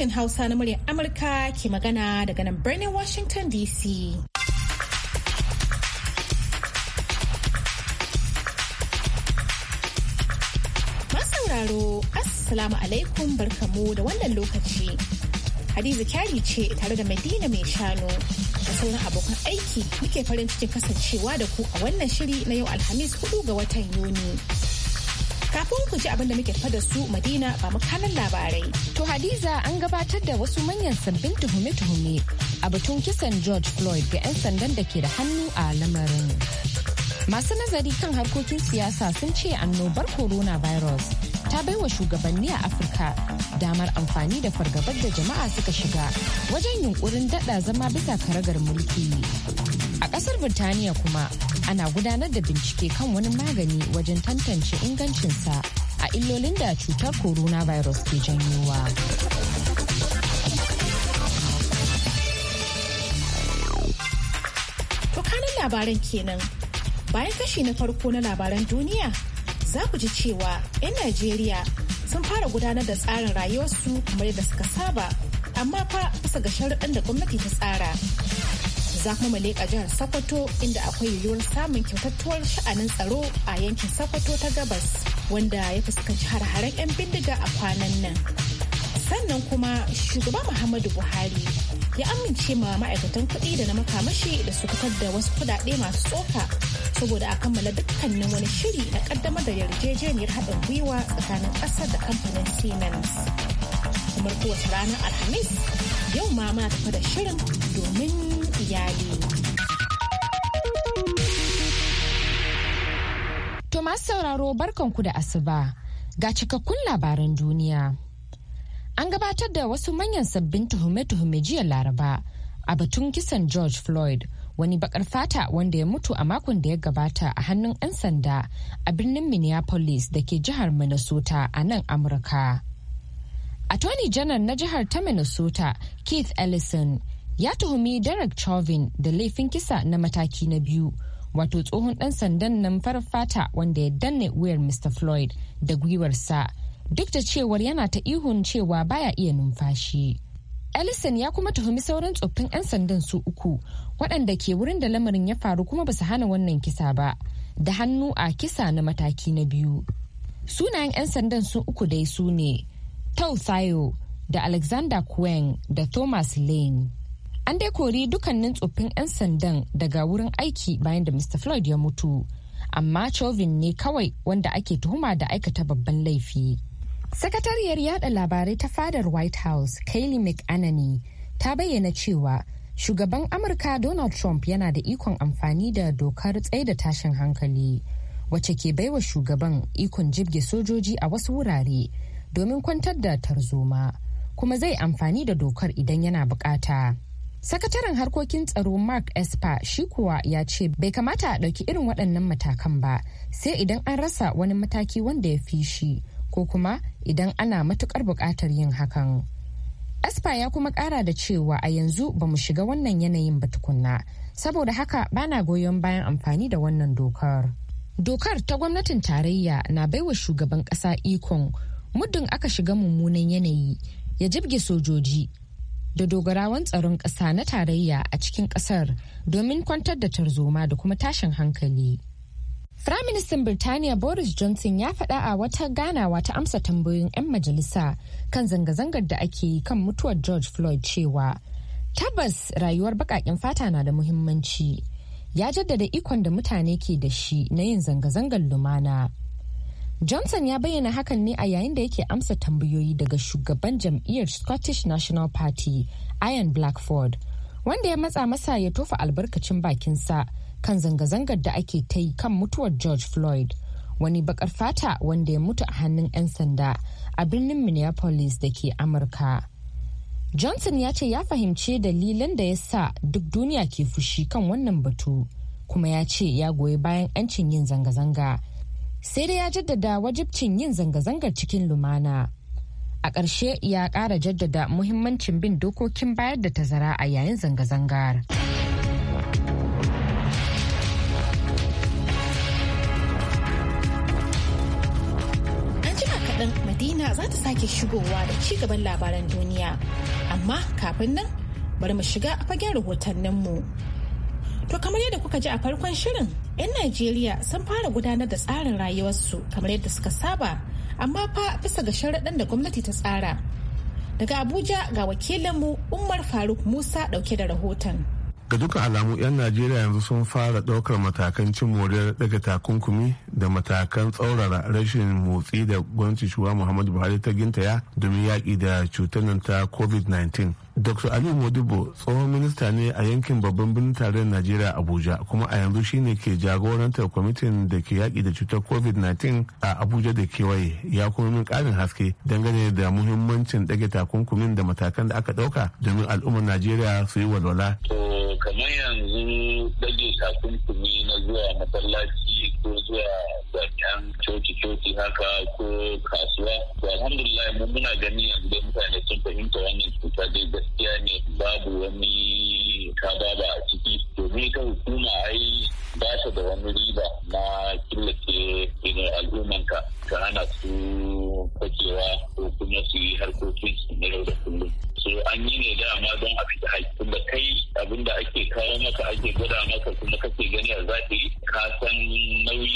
sashen Hausa na muryar Amurka ke magana daga nan birnin Washington DC. Masauraro, Assalamu alaikum barkamu da wannan lokaci. Hadiza Kyari ce tare da Madina mai shanu da sauran abokan aiki muke farin cikin kasancewa da ku a wannan shiri na yau Alhamis 4 ga watan Yuni. Kafin ku ji abin da muke fada su Madina ba makanan labarai. To Hadiza an gabatar da wasu manyan sabbin tuhume-tuhume a batun kisan George Floyd ga 'yan sandan da ke da hannu a lamarin. Masu nazari kan harkokin siyasa sun ce annobar Corona virus ta baiwa shugabanni a Afirka damar amfani da fargabar da jama'a suka shiga wajen yunkurin daɗa zama bisa karagar mulki. A ƙasar Birtaniya kuma ana gudanar da bincike kan wani magani wajen tantance ingancinsa a illolin da cutar coronavirus ke janyowa. Tukanin labaran kenan bayan kashi na farko na labaran duniya za ku ji cewa 'yan Najeriya sun fara gudanar da tsarin rayuwarsu kamar yadda suka saba amma fa bisa ga sharuɗan da gwamnati ta tsara. za kuma a jihar Sokoto inda akwai yiwuwar samun kyautattuwar sha'anin tsaro a yankin Sokoto ta gabas wanda ya fuskanci har-haren 'yan bindiga a kwanan nan. Sannan kuma shugaba Muhammadu Buhari ya amince ma ma'aikatan kuɗi da na makamashi da su fitar da wasu kuɗaɗe masu tsoka saboda a kammala dukkanin wani shiri na ƙaddamar da yarjejeniyar haɗin gwiwa tsakanin ƙasar da kamfanin Siemens. Kamar kowace ranar Alhamis, yau ma muna tafa da shirin domin iyali. To masu sauraro barkanku da asuba ga cikakkun labaran duniya. An gabatar da wasu manyan sabbin tuhume-tuhume jiya Laraba a batun kisan George Floyd wani bakar fata wanda ya mutu a makon da ya gabata a hannun 'yan sanda a birnin Minneapolis da ke jihar Minnesota a nan Amurka. A Tony General na jihar ta Minnesota Keith Ellison ya tuhumi derek chauvin da laifin kisa na mataki na biyu wato tsohon dan sandan nan farar fata wanda ya danne wuyar mr floyd da gwiwarsa duk da cewar yana ta ihun cewa baya iya numfashi ellison ya kuma tuhumi sauran tsoffin 'yan sandan su uku waɗanda ke wurin da lamarin ya faru kuma ba su hana wannan kisa ba da hannu a kisa na mataki na biyu sunayen 'yan sandan su uku dai su ne tau thayo da alexander kwen da thomas lane An dai kori dukkanin tsoffin 'yan sandan daga wurin aiki bayan da Mr. Floyd ya mutu. Amma Chauvin ne kawai wanda ake tuhuma da aikata babban laifi. Sakatariyar yada labarai ta fadar White House, Kayleigh McAnany, ta bayyana cewa shugaban Amurka Donald Trump yana da ikon amfani da dokar tsaida tashin hankali, wacce ke baiwa shugaban ikon jibge sojoji a wasu wurare domin kwantar da tarzoma, kuma zai amfani da dokar idan yana bukata. Sakataren harkokin tsaro Mark Esper shi kuwa ya ce bai kamata a ɗauki irin waɗannan matakan ba sai idan an rasa wani mataki wanda ya fi shi ko kuma idan ana matukar buƙatar yin hakan. Esper ya kuma ƙara da cewa a yanzu ba mu shiga wannan yanayin ba tukunna saboda haka bana goyon bayan amfani da wannan dokar. Dokar ta gwamnatin tarayya na baiwa shugaban ƙasa ikon muddin aka shiga mummunan yanayi ya jibge sojoji da dogarawan tsaron ƙasa na tarayya a cikin ƙasar domin kwantar da tarzoma da kuma tashin hankali. Firaministan Birtaniya Boris Johnson ya faɗa a wata ganawa ta amsa tambayoyin 'yan majalisa kan zanga-zangar da ake yi kan mutuwar George Floyd cewa tabbas rayuwar baƙaƙen fata na da muhimmanci. Ya jaddada ikon da mutane ke da shi na yin zanga-zangar lumana. Johnson ya bayyana hakan ne a yayin da yake amsa tambayoyi daga shugaban jam'iyyar Scottish National Party, Ian Blackford, wanda ya matsa masa ya tofa albarkacin bakinsa kan zanga-zangar da ake ta yi kan mutuwar George Floyd, wani bakar fata wanda ya mutu a hannun 'yan sanda a birnin Minneapolis da ke Amurka. Johnson ya ce ya fahimci dalilan da ya sa duk duniya ke fushi kan wannan batu, kuma ya ce ya goyi bayan 'yancin yin zanga-zanga. sai dai ya jaddada wajibcin yin zanga-zangar cikin lumana a ƙarshe ya ƙara jaddada muhimmancin bin dokokin bayar da tazara a yayin zanga-zangar kaɗan madina za ta sake shigowa da ci gaban labaran duniya amma kafin nan bari mu shiga fagen rahotanninmu. mu To kamar yadda kuka ji a farkon shirin, 'yan Najeriya sun fara gudanar da tsarin rayuwarsu kamar yadda suka saba, amma fa bisa ga sharaɗin da gwamnati ta tsara. Daga Abuja ga wakilinmu Umar Faruk Musa ɗauke da rahoton. ga duka alamu 'yan najeriya yanzu sun fara daukar matakan cin moriyar daga takunkumi da matakan tsaurara rashin motsi da gwamnati shuwa muhammadu buhari ta gintaya domin yaƙi da cutar nan ta covid-19 dr ali modibo tsohon minista ne a yankin babban birnin tarayyar najeriya abuja kuma a yanzu shine ke jagorantar kwamitin da ke yaƙi da cutar covid-19 a abuja da kewaye ya kuma min karin haske dangane da muhimmancin ɗage takunkumin da matakan da aka ɗauka domin al'ummar najeriya su yi walwala. kamar yanzu dage takunkumi na zuwa masallaci ko zuwa jami'an coci-coci haka ko kasuwa to alhamdulillah mun muna gani yanzu dai mutane sun fahimta wannan cuta dai gaskiya ne babu wani ba ba a ciki domin ta hukuma ai ba ta da wani riba na killace ka ta hana su fakewa ko kuma su yi harkokin su na yau da kullum so an yi ne dama don a fita haƙƙin da kai abinda ake kawo maka ake gwada maka kuma kake gani a zafi ka san nauyi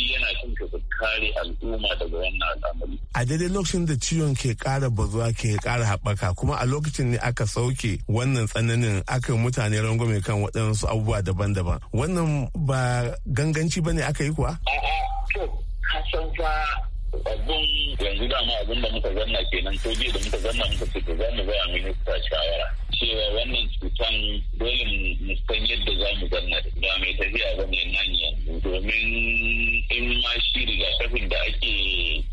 Ka su kare al'umma daga wannan al'amari. A daidai lokacin da ciwon ke kara bazuwa ke kara haɓaka kuma a lokacin ne aka sauke wannan tsananin aka mutane rangwame kan waɗansu abubuwa daban-daban. Wannan ba ganganci ba ne aka yi kuwa? A'a, to, fa abun yanzu dama abun da muka zanna kenan to da muka zanna muka ce to za mu gaya minista shawara. cewa wannan cutan dole mu san yadda za mu zanna da mai tafiya ba ne nan yanzu domin in ma shi rigakafin da ake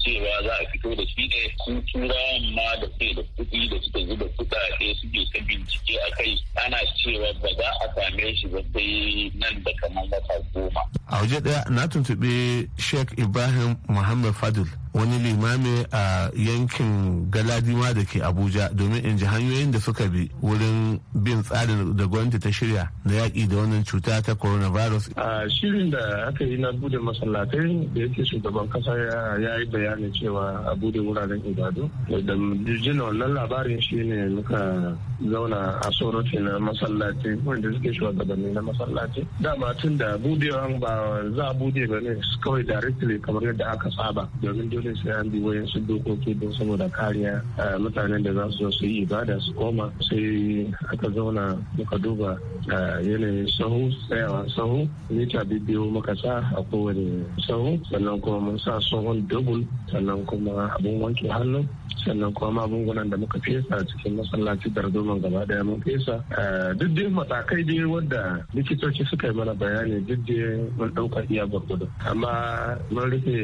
cewa za a fito da shi ɗaya sun tura ma da ke da kuɗi da suka zuba kuɗaɗe suke ta bincike a kai ana cewa ba za a same shi ba sai nan da kamar wata goma. A waje ɗaya na tuntuɓe Sheikh Ibrahim Muhammad Fadil wani limami a yankin galadima da ke abuja domin in ji hanyoyin da suka bi wurin bin tsarin da gwamnati ta shirya na yaƙi da wannan cuta ta coronavirus a shirin da aka yi na bude masallatai da yake shugaban kasa ya yi bayanin cewa a bude wuraren ibadu da jirgin wannan labarin shi ne muka zauna a soroti na masallatai wanda suke shugabanni na masallatai dama tun da budewan ba za a bude ba ne kawai directly kamar yadda aka saba domin dole sai an bi su dokoki don saboda kariya a mutanen da za su zo su yi ibada su koma sai aka zauna muka duba a yanayin sahu tsayawa sahu mita bibiyo muka sa a kowane sahu sannan kuma mun sa sahun dubul sannan kuma abin wanke hannu sannan kuma magungunan da muka fesa a cikin masallaci darduman gaba daya mun fesa eh, duk dai matakai dai wanda likitoci suka yi mana bayani duk dai mun ɗauka iya gwargwado amma mun rufe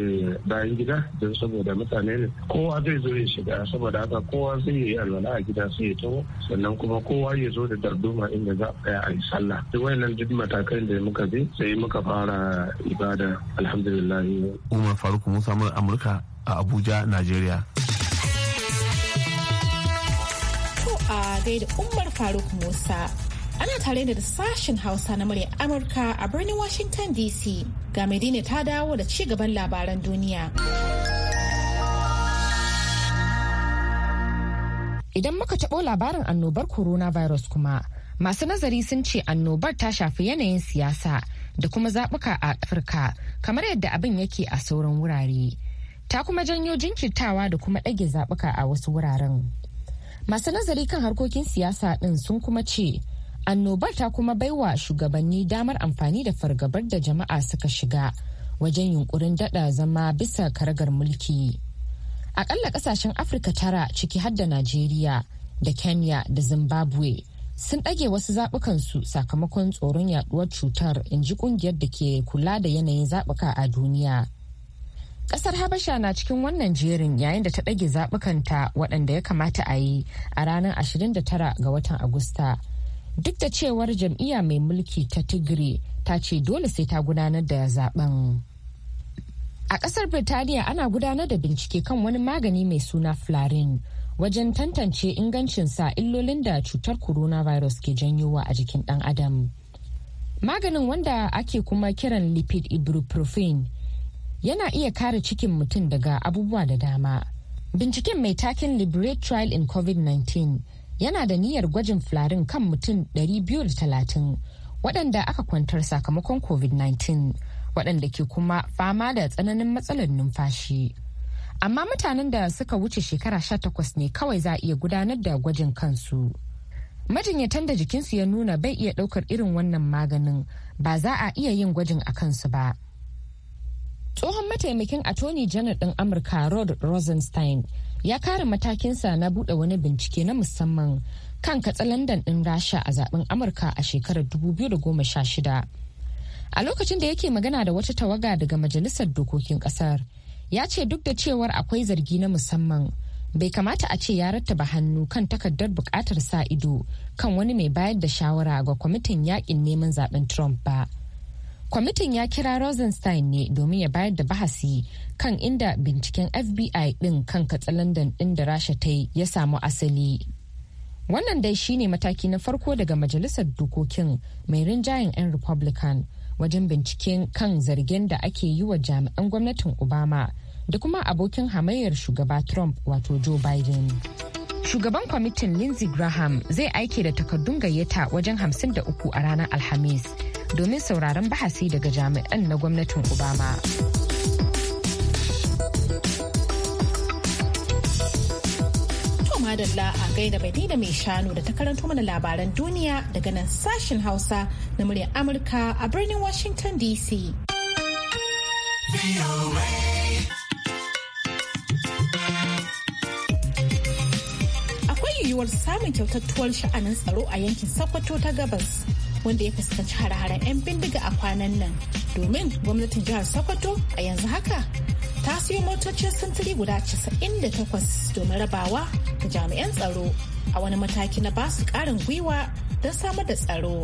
bayan gida don saboda mutane ne kowa zai zo ya shiga saboda haka kowa zai yi alwala a gida sai ya taho sannan kuma kowa ya zo da darduma inda za a tsaya a yi sallah duk wayannan duk matakai da muka bi sai muka fara ibada alhamdulillah umar faruk musa amurka a abuja Najeriya. a gaida Umar Faruk Musa. Ana tare da sashen Hausa na murya Amurka a birnin Washington DC. Ga Medina ta dawo da ci gaban labaran duniya. Idan muka taɓo labarin annobar coronavirus kuma, masu nazari sun ce annobar ta shafi yanayin siyasa da kuma zaɓuka a Afirka, kamar yadda abin yake a sauran wurare. Ta kuma janyo jinkirtawa da kuma ɗage zaɓuka a wasu wuraren. masu nazari kan harkokin siyasa ɗin sun kuma ce annobar ta kuma baiwa shugabanni damar amfani da fargabar da jama'a suka shiga wajen yunkurin daɗa zama bisa karagar mulki Aƙalla ƙasashen afirka tara ciki har da najeriya da kenya da zimbabwe sun ɗage wasu zaɓukansu sakamakon tsoron yaɗuwar cutar in ji ƙungiyar da ke kula da yanayin zaɓuka a duniya Kasar Habasha na cikin wannan jerin yayin da ta ɗage zaɓukanta waɗanda ya kamata a yi a ranar 29 ga watan Agusta. Duk da cewar jam'iyya mai mulki ta Tigray ta ce dole sai ta gudanar da zaben. A kasar Birtaniya ana gudanar da bincike kan wani magani mai suna Flarin wajen tantance ingancinsa illolin da cutar coronavirus ke janyowa a jikin ɗan adam. Maganin wanda ake kuma kiran lipid ibuprofen yana iya kare cikin mutum daga abubuwa da dama. Binciken mai takin Liberate Trial in COVID-19 yana da niyyar gwajin fularin kan mutum 230 waɗanda aka kwantar sakamakon COVID-19 waɗanda ke kuma fama da tsananin matsalar numfashi. Amma mutanen da suka wuce shekara sha takwas ne kawai za a iya gudanar da gwajin kansu. Majinyatan da jikinsu ya nuna bai iya ɗaukar irin wannan maganin ba za a iya yin gwajin a kansu ba. Tsohon mataimakin Attorney General ɗin Amurka Rod Rosenstein ya kare matakinsa na buɗe wani bincike na musamman kan katsalandan ɗin Rasha a zaben Amurka a shekarar 2016. A lokacin da yake magana da wata tawaga daga Majalisar Dokokin Ƙasar, ya ce duk da cewar akwai zargi na musamman, bai kamata a ce ya rattaba hannu kan takardar bukatar sa ido kan wani mai bayar da shawara ga kwamitin yaƙin neman zaben Trump ba. kwamitin ya kira rosenstein ne domin ya bayar da bahasi kan inda binciken fbi ɗin kan katsalandan ɗin da rasha ta yi ya samu asali wannan dai shine mataki na farko daga majalisar dokokin mai rinjayen 'yan republican wajen binciken kan zargin da ake yi wa jami'an gwamnatin obama da kuma abokin hamayyar shugaba trump wato joe biden shugaban kwamitin lindsey graham zai aike da takardun gayyata wajen 53 a ranar alhamis domin sauraron bahasi daga jami'an na gwamnatin Obama. madalla a gaida bai da mai shanu da ta karanto mana labaran duniya daga nan sashen hausa na muryar amurka a birnin washington dc akwai yiwuwar samun kyautattuwar sha'anin tsaro a yankin sokoto ta gabas wanda ya fuskanci hare-haren 'yan bindiga a kwanan nan domin gwamnatin jihar sokoto a yanzu haka ta siyo motocin sintiri guda 98 domin rabawa da jami'an tsaro a wani mataki na basu karin gwiwa don samar da tsaro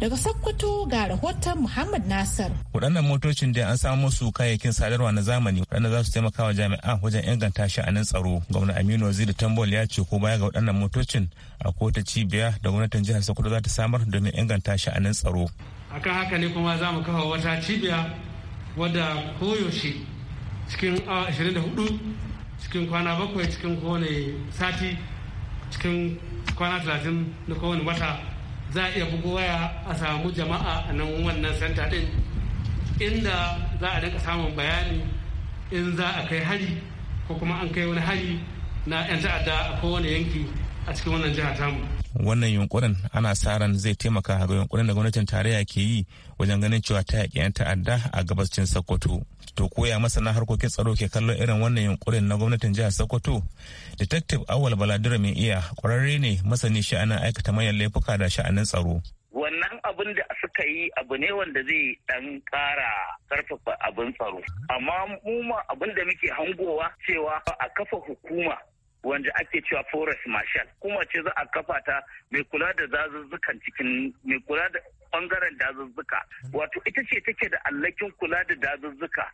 Daga Sokoto ga rahoton Muhammad nasar. Waɗannan motocin da an samu su kayayyakin sadarwa na zamani waɗanda za su taimaka wa jami'a wajen inganta sha'anin tsaro. Gwamna Aminu Waziri Tambol ya ce ko baya ga waɗannan motocin a kota cibiya da gwamnatin jihar Sokoto za ta samar domin inganta sha'anin tsaro. Akan haka ne kuma za mu kafa wata cibiya wadda koyaushe cikin awa 24 cikin kwana bakwai cikin kowane sati cikin kwana 30 na kowane wata za a iya bugu waya a samu jama'a a nan wannan santa ɗin inda za a dinka samun bayani in za a kai hari ko kuma an kai wani hari na 'yan ta'adda a kowane yanki a cikin wannan jihar tamu wannan yunkurin ana sa ran zai taimaka ga yunkurin da gwamnatin tarayya ke yi wajen ganin cewa ta yaƙi 'yan ta'adda a gabashin sokoto to koya masana harkokin tsaro ke kallon irin wannan yunkurin na gwamnatin jihar sokoto detective awal baladura mai iya kwararre ne masani sha'anin aikata manyan laifuka da sha'anin tsaro wannan abin da suka yi abu ne wanda zai dan kara karfafa abin tsaro amma mu ma abin da muke hangowa cewa a kafa hukuma wanda ake cewa forest marshal kuma ce za a kafa ta mai kula da dazuzzukan cikin mai kula da bangaren dazuzzuka wato ita ce take da allakin kula da dazuzzuka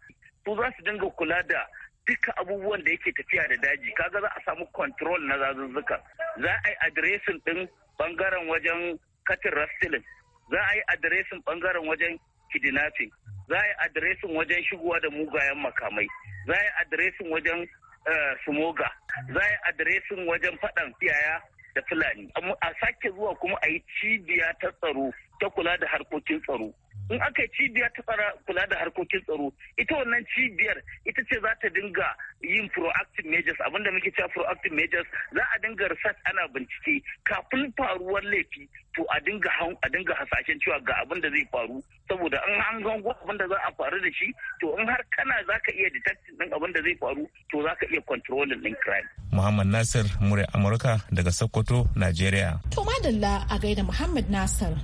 su za su dinga kula da duka abubuwan da yake tafiya da daji kaga za a samu control na zazuzzuka za a yi adiresin din bangaren wajen katin rastilin za a yi adiresin bangaren wajen kidnapping za a yi adiresin wajen shigowa da mugayen makamai za a yi adiresin wajen Eh, sumoga za a adiresin wajen faɗan iyaya da fulani a sake zuwa kuma a yi cibiya ta tsaro ta kula da harkokin tsaro in aka yi cibiya ta tsara kula da harkokin tsaro ita wannan cibiyar ita ce za ta dinga yin proactive measures abinda muke cewa proactive measures za a dinga research ana bincike kafin faruwar laifi to a dinga a dinga hasashen cewa ga abin da zai faru saboda in an gango abin da za a faru da shi to in har kana za ka iya detecting din abin da zai faru to za ka iya controlling din crime. Muhammad Nasir, Murai Amurka daga Sokoto, Najeriya. To madalla a gaida Muhammad Nasir.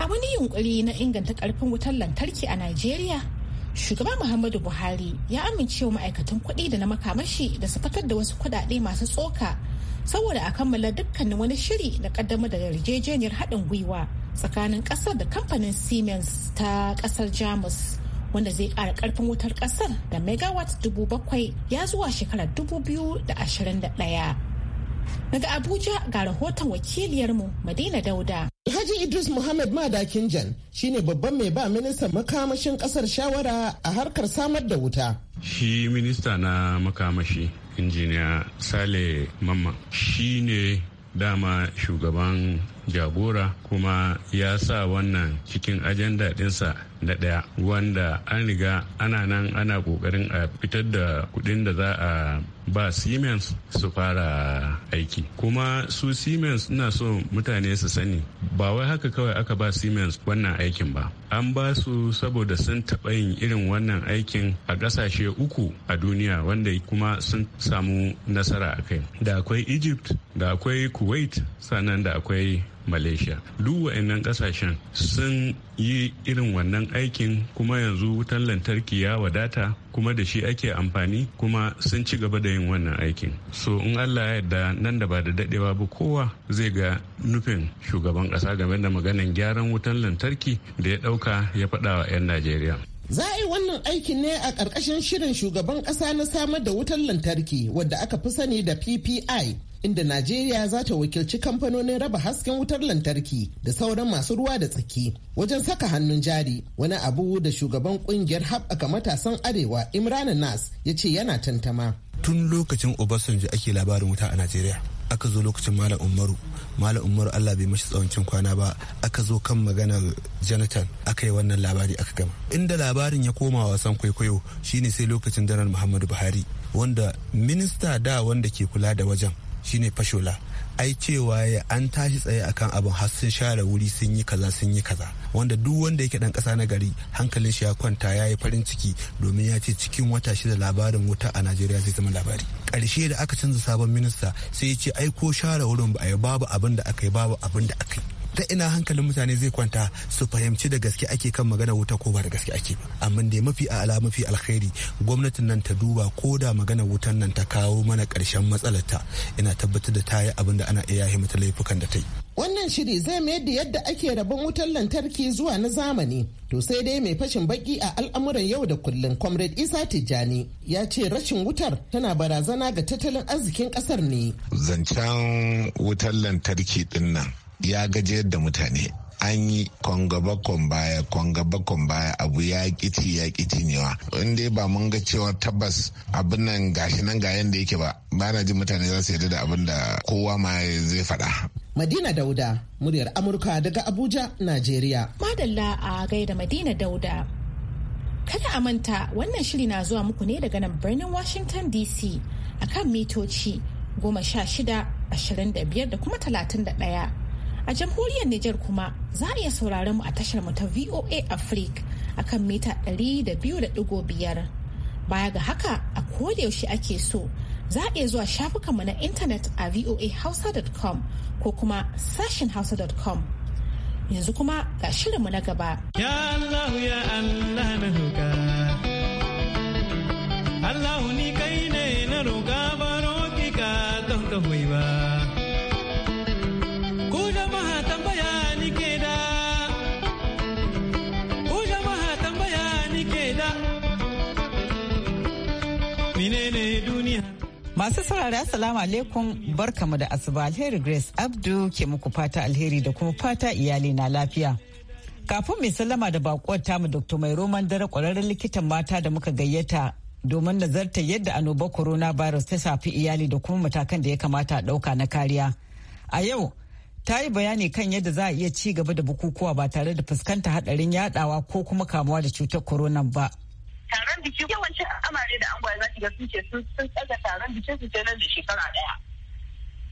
A wani yunkuri na inganta karfin wutar lantarki a Najeriya, shugaba Muhammadu Buhari ya amincewa ma'aikatan kuɗi da na makamashi da su fitar da wasu kuɗaɗe masu tsoka saboda a kammala dukkanin wani shiri da kaddamar da yarjejeniyar haɗin gwiwa tsakanin ƙasar da kamfanin Siemens ta ƙasar Jamus. wanda zai ƙara ƙarfin wutar ƙasar da megawatt dubu bakwai ya zuwa shekarar dubu biyu da ashirin da ɗaya. Daga Abuja ga rahoton wakiliyarmu Madina Dauda. Alhaji Idris Muhammad Madakin Jan shi ne babban mai ba ministan makamashin kasar shawara a harkar samar da wuta. Shi minista na makamashi injiniya Sale Mamma shi ne dama shugaban jagora kuma ya sa wannan cikin ajanda sa na ɗaya wanda an riga ana nan ana ƙoƙarin a fitar da kuɗin da za a ba siemens su fara aiki kuma su siemens na so mutane su sani ba wai haka kawai aka ba siemens wannan aikin ba an ba su saboda sun taɓa yin irin wannan aikin a ƙasashe uku a duniya wanda kuma sun samu nasara a kai da akwai egypt da akwai kuwait sannan da akwai malaysia duk wa'annan kasashen sun yi irin wannan aikin kuma yanzu wutan lantarki ya wadata kuma da shi ake amfani kuma sun ci gaba da yin wannan aikin so in allah ya yarda nan da ba da dadewa ba kowa zai ga nufin shugaban kasa game da maganan gyaran wutan lantarki da ya dauka ya faɗa wa 'yan najeriya Za a yi wannan aikin ne a ƙarƙashin shirin shugaban ƙasa na samar da wutar lantarki wadda aka fi sani da PPI inda Najeriya za ta wakilci kamfanonin raba hasken wutar lantarki da sauran masu ruwa da tsaki wajen saka hannun jari wani abu da shugaban kungiyar haɓaka matasan arewa Imran Nas ya ce yana tantama. Tun lokacin Obasanjo ake labarin wuta a Najeriya. aka zo lokacin malam umaru malam umaru allah bai mashi tsawancin kwana ba aka zo kan maganar jonathan aka yi wannan labari aka gama inda labarin ya koma wasan kwaikwayo shine sai lokacin janar muhammadu buhari wanda minista da wanda ke kula da wajen shine fashola ai cewa ya an tashi tsaye akan abin har sun share wuri sun yi kaza sun yi kaza wanda duk wanda yake dan kasa na gari hankalin shi ya kwanta ya yi farin ciki domin ya ce cikin wata shida labarin wuta a najeriya zai zama labari karshe da aka canza sabon minista sai ya ce ai ko share wurin ba a yi babu abin da aka yi babu abin da aka yi ta ina hankalin mutane zai kwanta su fahimci da gaske ake kan magana wuta ko ba da gaske ake ba amma dai mafi ala mafi alkhairi gwamnatin nan ta duba ko da magana wutan nan ta kawo mana karshen matsalarta ina tabbatar da ta yi abin da ana iya yi mata laifukan da ta yi wannan shiri zai mayar da yadda ake rabon wutar lantarki zuwa na zamani to sai dai mai fashin baki a al'amuran yau da kullum comrade isa tijjani ya ce rashin wutar tana barazana ga tattalin arzikin kasar ne zancen wutar lantarki dinnan ya gajiyar da mutane an yi kwangabakon baya kwangabakon baya abu ya kiti ya kiti newa inda ba mun ga cewa tabbas abin nan gashi nan ga yanda yake ba ba na jin mutane za su yarda da abin da kowa ma zai faɗa. Madina Dauda muryar Amurka daga Abuja Najeriya. Madalla a gaida Madina Dauda. Kada a manta wannan shiri na zuwa muku ne daga nan birnin Washington DC akan mitoci goma sha shida ashirin da biyar da kuma talatin da ɗaya. A jamhuriyar Nijar kuma za a iya sauraron mu a tashar mu ta VOA Africa akan mita 200.5. Baya ga haka a yaushe ake so za a iya zuwa shafukanmu na intanet a voahausa.com ko kuma sashen hausa.com. Yanzu kuma ga shirinmu na gaba. Ya Allah ya Allah na roga Allah ni kai ne na roga baro ki ka don ka ba. Masu saurari salamu alaikum barkamu da asuba alheri Grace Abdu ke muku fata alheri da kuma fata iyali na lafiya. Kafin mai sallama da bakuwar tamu Dr. Mai Roman dare kwararren likitan mata da muka gayyata domin nazarta yadda corona virus ta shafi iyali da kuma matakan da ya kamata a dauka na kariya. A yau, ta yi bayani kan yadda za a iya ci gaba da bukukuwa ba tare da fuskanta hadarin yadawa ko kuma kamuwa da cutar corona ba taron biki yawancin amare da angwaye za su ga sun ce sun tsaga taron bikin su nan da shekara daya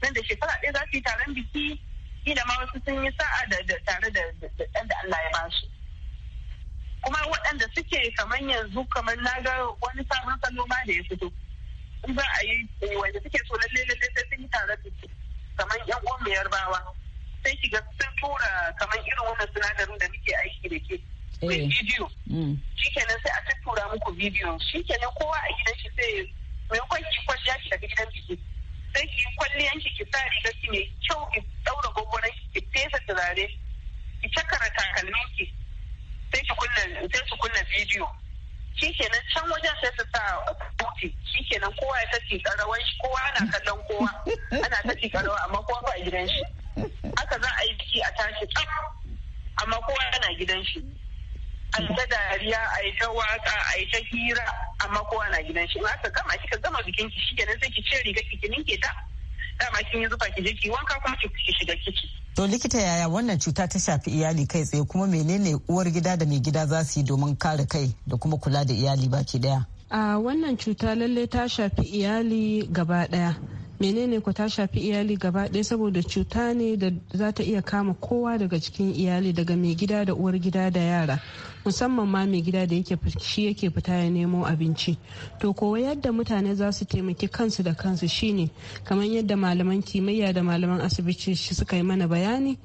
nan da shekara daya za su yi taron biki da ma wasu sun yi sa'a da tare da dan da Allah ya ba su kuma waɗanda suke kamar yanzu kamar na ga wani sabon salo ma da ya fito in za a yi eh, wanda suke so lalle lalle sai sun yi taron biki kamar yan uwan mai yarbawa sai shiga sun tura kamar irin wannan sinadarin da muke aiki da ke mai eh. bidiyo mm. shikenan sai a tattura muku bidiyo shikenan kowa a gidan shi sai maimakon ki kwalliya ki daga gidan biki sai ki kwalliyan ki ki sa riga ki mai kyau ki daura gwagwaran ki fesa turare ki cakara takalmin ki sai ki kunna sai su kunna bidiyo shikenan can wajen sai su sa buti shikenan kowa ya tafi karawan shi kowa ana kallon kowa ana tafi karawa amma kowa ba gidan shi haka za a yi biki a tashi tsaf amma kowa yana gidan shi an ta dariya a yi ta waka a yi ta hira amma kowa na gidan shi in gama kika gama bikin ki shi kenan sai ki ce riga ki ke ta dama kin yi zufa ki je ki wanka kuma ki shiga ciki. To likita yaya wannan cuta ta shafi iyali kai tsaye kuma menene uwar gida da mai gida za su yi domin kare kai da kuma kula da iyali baki daya? A wannan cuta lalle ta shafi iyali gaba daya. menene ku ta shafi iyali gaba ɗaya saboda cuta ne da za ta iya kama kowa daga cikin iyali daga mai gida da uwar gida da yara musamman ma mai gida da yake shi yake fita ya nemo abinci to kowa yadda mutane za su taimaki kansu da kansu shine kamar yadda malaman kimiyya da malaman asibiti suka yi mana bayani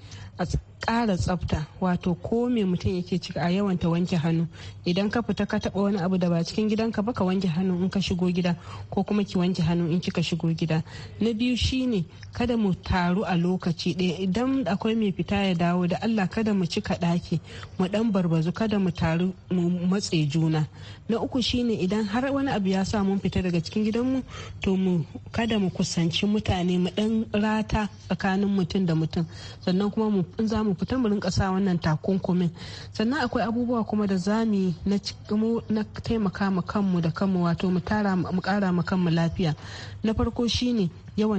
kara tsafta wato ko me mutum yake cika a yawan ta wanke hannu idan ka fita ka taba wani abu da ba cikin gidan ka ba ka wanke hannu in ka shigo gida ko kuma ki wanke hannu in kika shigo gida na biyu shine kada mu taru a lokaci ɗaya idan akwai mai fita ya dawo da Allah kada mu cika ɗaki mu ɗan barbazu kada mu taru mu matse juna na uku shine idan har wani abu ya sa mun fita daga cikin gidan mu to mu kada mu kusanci mutane mu ɗan rata tsakanin mutum da mutum sannan kuma mu in za mu fita mu rinka sa wannan takunkumin sannan akwai abubuwa kuma da zami na taimaka mu kanmu da kanmu wato mu kara ma kanmu lafiya na farko shine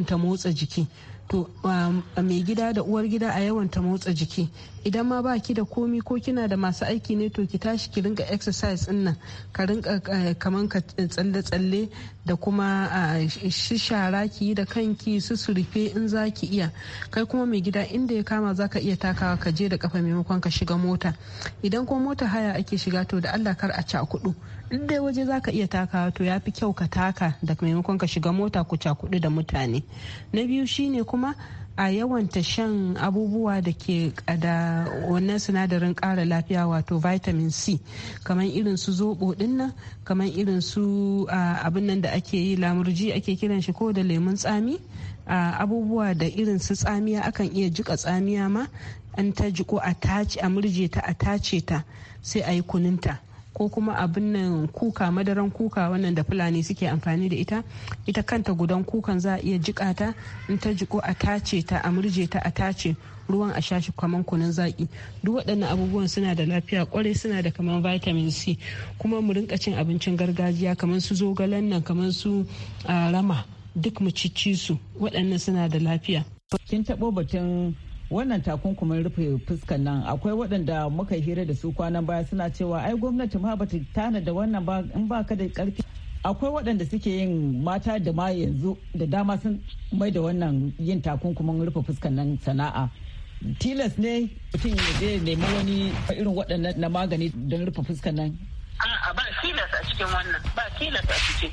ta motsa jiki to mai gida da uwar gida a yawanta motsa jiki idan ma ba ki da komi ko kina da masu aiki ne to ki tashi ki rinka exercise din nan ka rinka eh, kaman ka eh, tsalle-tsalle da kuma eh, shishara ki yi da kanki su su rufe in za ki iya kai kuma mai gida inda ya kama za ka iya takawa ka je da kafa maimakon ka shiga mota idan kuma mota haya ake shiga to da allah kar a kuɗu. in dai waje za ka iya taka to ya fi kyau ka taka da maimakon ka shiga mota ku cakudu da mutane na biyu shine kuma a yawanta shan abubuwa da ke da wannan sinadarin kara lafiya wato vitamin c kamar irin su zobo dinnan kamar irin su abin nan da ake yi lamurji ake kiran shi ko da lemun tsami abubuwa da irin su tsamiya akan iya jika tsamiya ma an ta jiko a tace a murje ta a tace ta sai a yi kuninta ko kuma abin nan kuka madaran kuka wannan da fulani suke amfani da ita ita kanta gudan kukan za a iya jika ta in ta jiko a tace ta a murje ta a tace ruwan a shashi kaman kunun zaki duk waɗannan abubuwan suna da lafiya kwarai suna da kaman vitamin c kuma mu rinka cin abincin gargajiya kaman su zogalen nan kaman su ah, rama duk mu ci su waɗannan suna da lafiya kin taɓo batun wannan takunkumin rufe fuskan nan akwai waɗanda muka hira da su kwanan baya suna cewa ai gwamnati ma bata tana da wannan ba in ba ka da karfi akwai waɗanda suke yin mata da ma yanzu da dama sun mai da wannan yin takunkumin rufe fuskan nan sana'a tilas ne mutum ya je nemi wani irin waɗannan na magani don rufe fuskan nan a'a ba tilas a cikin wannan ba tilas a cikin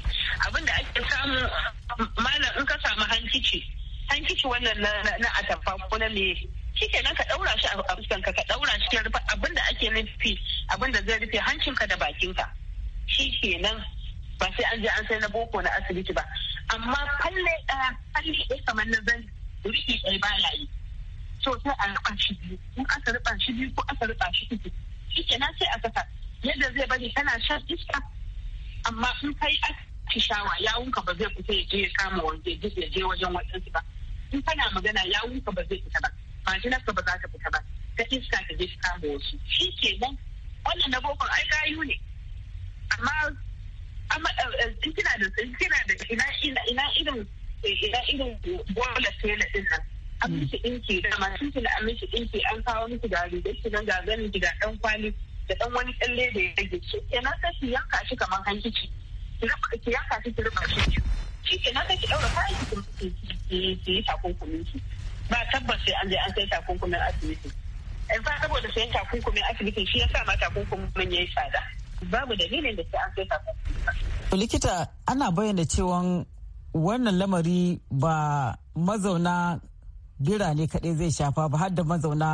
abinda ake samu malam in ka samu hankici an ci wannan na atamfa ko na me shikenan ka daura shi a fuskan ka daura shi ka rufe abin da ake nufi abin da zai rufe hancinka da bakinka shikenan ba sai an je an sai na boko na asibiti ba amma falle ɗaya falle ɗaya kamar na zan rufe ɗaya ba yi so sai a rufa shi biyu in aka rufa shi biyu ko aka rufa shi uku shikenan sai a saka yadda zai bari kana shan iska amma in kai shawa yawunka ba zai fita ya je ya kama wanda ya je wajen waɗansu ba in kana magana ya wuka ba zai fita ba majinar ka ba za ta fita ba Ka iska ka je ta kama wasu shi ke nan wannan na bokon ai gayu ne amma amma eh, eh, kina da kina da ina ina ina irin eh, ina irin bola tela din nan an hmm. miki dinki da masu kina an miki dinki an kawo miki da rigar ki nan ga ganin ki ga dan kwali da dan wani tsalle da ya rage shi kenan sai shi yanka shi kamar hankici ki yanka shi ki rufa shi shi ke nan ki daura kayan ki ki yi takunkumin ki ba tabbas sai an je an kai takunkumin asibiti in fa saboda sayan takunkumin asibiti shi ya sa ma takunkumin yayi yi tsada babu dalilin da sai an sai takunkumin likita ana bayyana cewa wannan lamari ba mazauna birane kaɗai zai shafa ba har da mazauna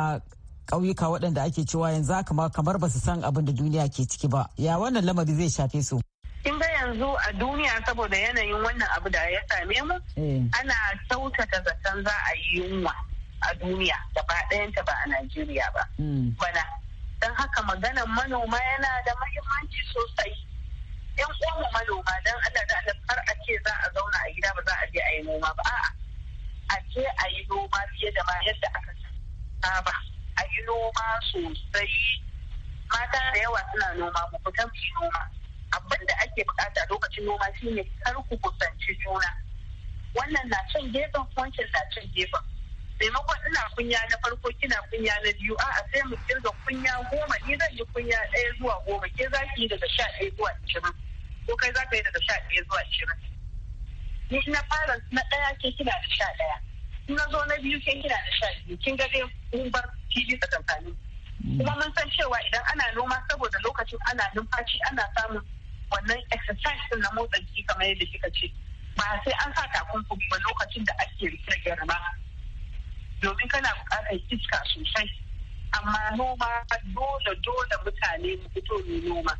ƙauyuka waɗanda ake cewa yanzu haka ma kamar ba su san abin da duniya ke ciki ba ya wannan lamari zai shafe su. In bai yanzu a duniya saboda yanayin wannan abu da ya same mu eh. ana sautata zaton za a yi yunwa a duniya gaba ɗayanta ba a Najeriya ba. Hmm. Bana don haka maganan manoma yana da mahimmanci sosai. Yan uwanmu manoma don Allah da Allah har a ce za a zauna a gida ba za a je a yi noma ba a'a a je a yi noma fiye da ma yadda aka saba a yi noma sosai mata da yawa suna noma mu fitan noma. abin da ake bukata lokacin noma shine kar ku kusanci juna wannan na can gefen wancan na can gefen maimakon ina kunya na farko kina kunya na biyu a'a sai mu kirga kunya goma ni zan yi kunya ɗaya zuwa goma ke za ki yi daga sha ɗaya zuwa ashirin ko kai za ka yi daga sha ɗaya zuwa ashirin ni na fara na ɗaya ke kina da sha ɗaya na zo na biyu ke kina da sha biyu kin ga dai kun bar fili tsakankanin kuma mun san cewa idan ana noma saboda lokacin ana numfashi ana samun wannan exercise na motsa jiki kamar yadda kika ce ba sai an sa takunkumi ba lokacin da ake rike girma domin kana bukatar iska sosai amma noma dole dole mutane mu fito ne noma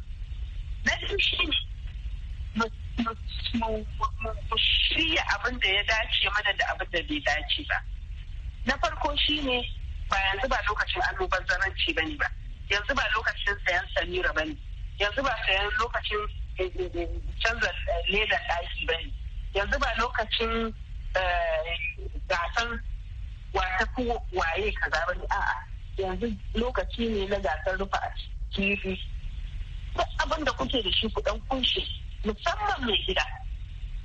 na shi mu shirya abin da ya dace mana da abin da bai dace ba na farko shi ne ba yanzu ba lokacin zaranci ba ne ba yanzu ba lokacin sayan samira ba ne yanzu ba sayan lokacin eh, eh, eh, canza leda ɗaki ba ne yanzu ba lokacin gasan wata waye ka ba ne a'a yanzu lokaci ne na gasar rufa a kifi duk abin da kuke da shi kuɗin kunshi musamman mai gida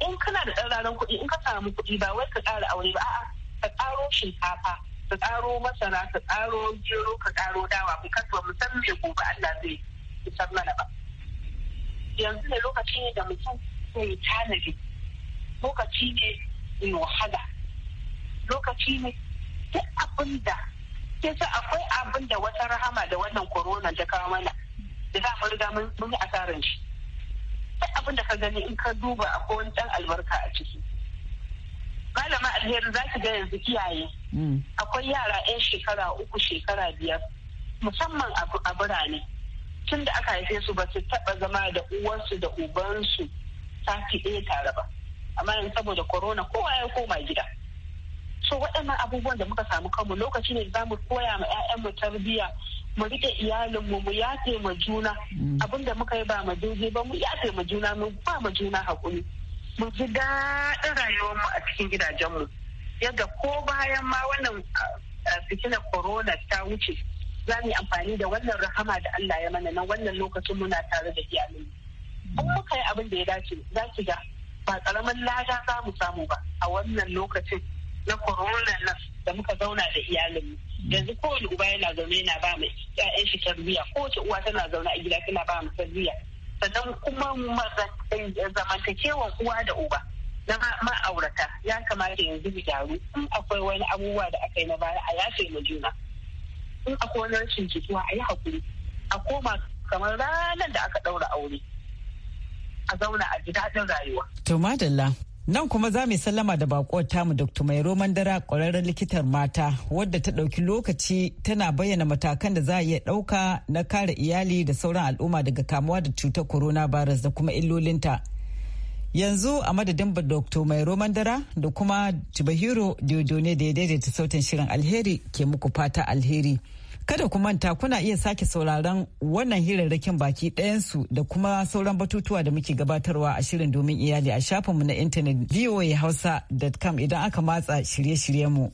in kana da ɗan ranar kuɗi in ka samu kuɗi ba wai ka ƙara aure ba a'a ka ƙaro shinkafa ka ƙaro masara ka ƙaro jero, ka ƙaro dawa ku kasuwa musamman gobe Allah zai fitar mana ba yanzu ne lokaci ne da mutum mai tanadi lokaci ne in wahala lokaci ne duk abin da sa akwai abin da wata rahama da wannan korona ta kawo mana da za faru riga mun yi asarar shi duk abin da ka gani in ka duba a wani ɗan albarka a ciki malama alheri za ki ga yanzu kiyaye hmm. akwai yara 'yan shekara uku shekara biyar musamman a birane tun da aka haife su ba su taɓa zama da uwarsu da ubansu sati ɗaya tare ba amma yanzu saboda corona kowa ya koma gida so waɗannan abubuwan da muka samu kanmu lokaci ne za mu koya ma 'ya'yanmu tarbiyya mu riƙe iyalin mu yafe ma juna mm. abin da muka yi ba ma daidai ba mu yafe ma juna mu ba ma juna haƙuri mu ji daɗin rayuwarmu a cikin gidajen mu. yadda ko bayan ma wannan ah, ah, fitinar corona ta wuce za mu yi amfani da wannan rahama da Allah ya mana na wannan lokacin muna tare da iyalin in muka yi abin da ya dace za ki ga ba karamin lada za mu samu ba a wannan lokacin na corona nan da muka zauna da iyalinmu yanzu kowane uba yana zaune yana ba mu ƴaƴan shi tarbiyya kowace uwa tana zaune a gida tana ba mu tarbiyya sannan kuma eh, zamantakewar uwa da uba na ma'aurata ya kamata yanzu mu gyaru in akwai wani abubuwa da aka yi na baya a yafe mu juna in akwai wani rashin jituwa a yi hakuri a koma kamar ranar da aka ɗaura aure a zauna a ji daɗin rayuwa. To madalla. Nan kuma za mu sallama da bakuwar tamu Dr. Mai Roman ƙwararren likitar mata wadda ta ɗauki lokaci tana bayyana matakan da za a iya ɗauka na kare iyali da sauran al'umma daga kamuwa da cutar corona coronavirus da kuma illolinta. Yanzu a madadin ba Dr. Mai Roman da kuma Tibahiro Diodone da ya daidaita sautin shirin alheri ke muku fata alheri. Kada ku manta kuna iya sake sauraron wannan hirarrakin baki ɗayansu da kuma sauran batutuwa da muke gabatarwa a shirin domin iyali a shafinmu na intanet voahausa.com idan aka matsa shirye-shiryenmu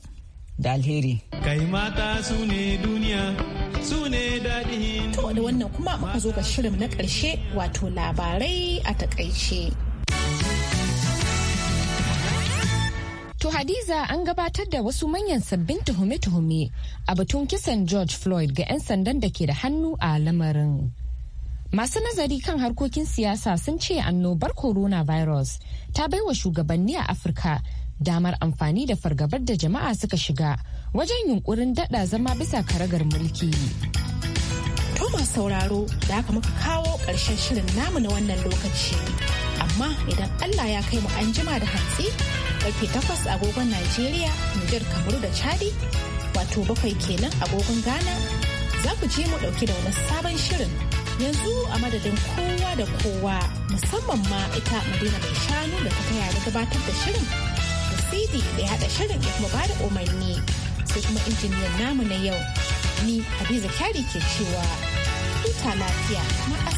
da alheri. Kai mata su ne duniya, su ne To da wannan kuma muka zo ga shirin na ƙarshe wato labarai a taƙaice. To Hadiza an gabatar da wasu manyan sabbin tuhume-tuhume a batun kisan George Floyd ga 'yan sandan da ke da hannu a lamarin. Masu nazari kan harkokin siyasa sun ce annobar coronavirus ta baiwa shugabanni a Afirka damar amfani da fargabar da jama'a suka shiga wajen yunkurin daɗa zama bisa karagar mulki. Thomas sauraro da aka muka kawo ƙarshen shirin namu na wannan lokaci. Amma idan Allah ya kai mu anjima da hatsi. karfe 8 agogon Najeriya, Nijar Kamaru da Chadi, wato bakwai kenan agogon Ghana, za ku je mu dauki da wani sabon shirin. Yanzu a madadin kowa da kowa musamman ma ita Madina mai shanu da ta kaya da gabatar da shirin. Da CD da ya shirin ya kuma bada umarni sai kuma injiniyan namu na yau. Ni Hadiza Kyari ke cewa huta lafiya kuma